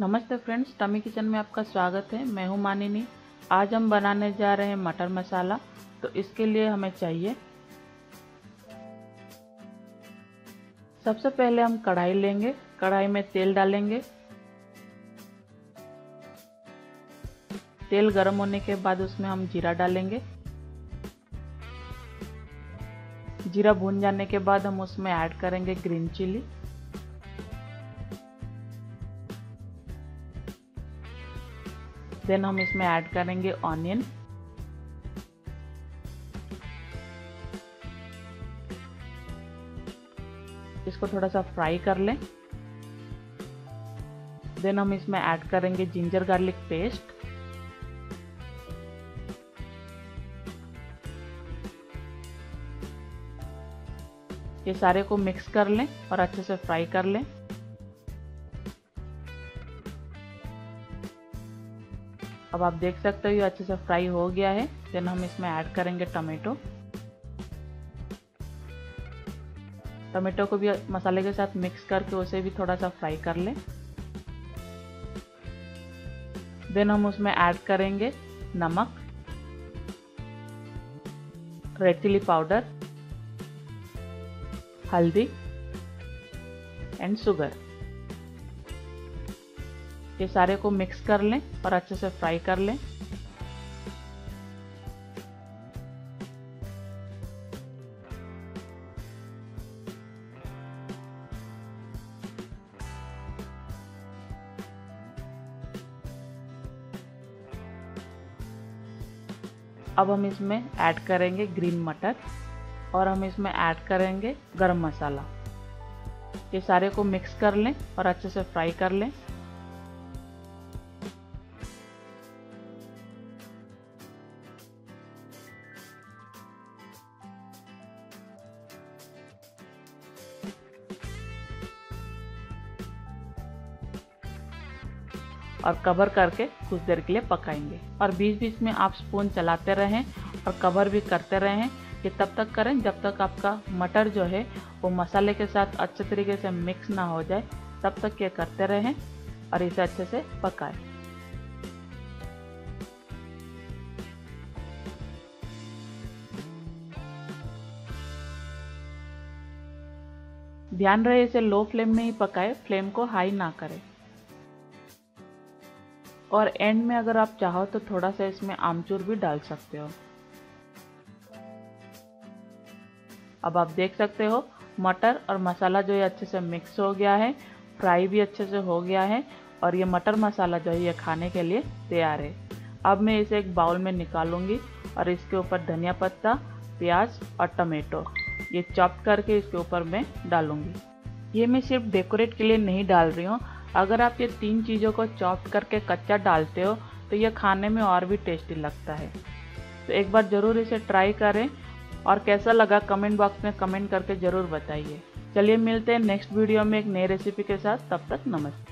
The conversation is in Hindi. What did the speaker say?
नमस्ते फ्रेंड्स टमी किचन में आपका स्वागत है मैं हूं मानिनी आज हम बनाने जा रहे हैं मटर मसाला तो इसके लिए हमें चाहिए सबसे पहले हम कढ़ाई लेंगे कढ़ाई में तेल डालेंगे तेल गर्म होने के बाद उसमें हम जीरा डालेंगे जीरा भून जाने के बाद हम उसमें ऐड करेंगे ग्रीन चिली देन हम इसमें ऐड करेंगे ऑनियन इसको थोड़ा सा फ्राई कर लें देन हम इसमें ऐड करेंगे जिंजर गार्लिक पेस्ट ये सारे को मिक्स कर लें और अच्छे से फ्राई कर लें अब आप देख सकते हो ये अच्छे से फ्राई हो गया है देन हम इसमें ऐड करेंगे टमेटो टमेटो को भी मसाले के साथ मिक्स करके उसे भी थोड़ा सा फ्राई कर लें देन हम उसमें ऐड करेंगे नमक रेड चिली पाउडर हल्दी एंड शुगर ये सारे को मिक्स कर लें और अच्छे से फ्राई कर लें अब हम इसमें ऐड करेंगे ग्रीन मटर और हम इसमें ऐड करेंगे गरम मसाला ये सारे को मिक्स कर लें और अच्छे से फ्राई कर लें और कवर करके कुछ देर के लिए पकाएंगे और बीच बीच में आप स्पून चलाते रहें और कवर भी करते रहें ये तब तक करें जब तक आपका मटर जो है वो मसाले के साथ अच्छे तरीके से मिक्स ना हो जाए तब तक ये करते रहें और इसे अच्छे से पकाएं ध्यान रहे इसे लो फ्लेम में ही पकाएं फ्लेम को हाई ना करें और एंड में अगर आप चाहो तो थोड़ा सा इसमें आमचूर भी डाल सकते हो अब आप देख सकते हो मटर और मसाला जो है अच्छे से मिक्स हो गया है फ्राई भी अच्छे से हो गया है और ये मटर मसाला जो है ये खाने के लिए तैयार है अब मैं इसे एक बाउल में निकालूंगी और इसके ऊपर धनिया पत्ता प्याज और टमेटो ये चॉप करके इसके ऊपर मैं डालूंगी ये मैं सिर्फ डेकोरेट के लिए नहीं डाल रही हूँ अगर आप ये तीन चीज़ों को चॉप करके कच्चा डालते हो तो ये खाने में और भी टेस्टी लगता है तो एक बार ज़रूर इसे ट्राई करें और कैसा लगा कमेंट बॉक्स में कमेंट करके ज़रूर बताइए चलिए मिलते हैं नेक्स्ट वीडियो में एक नई रेसिपी के साथ तब तक नमस्ते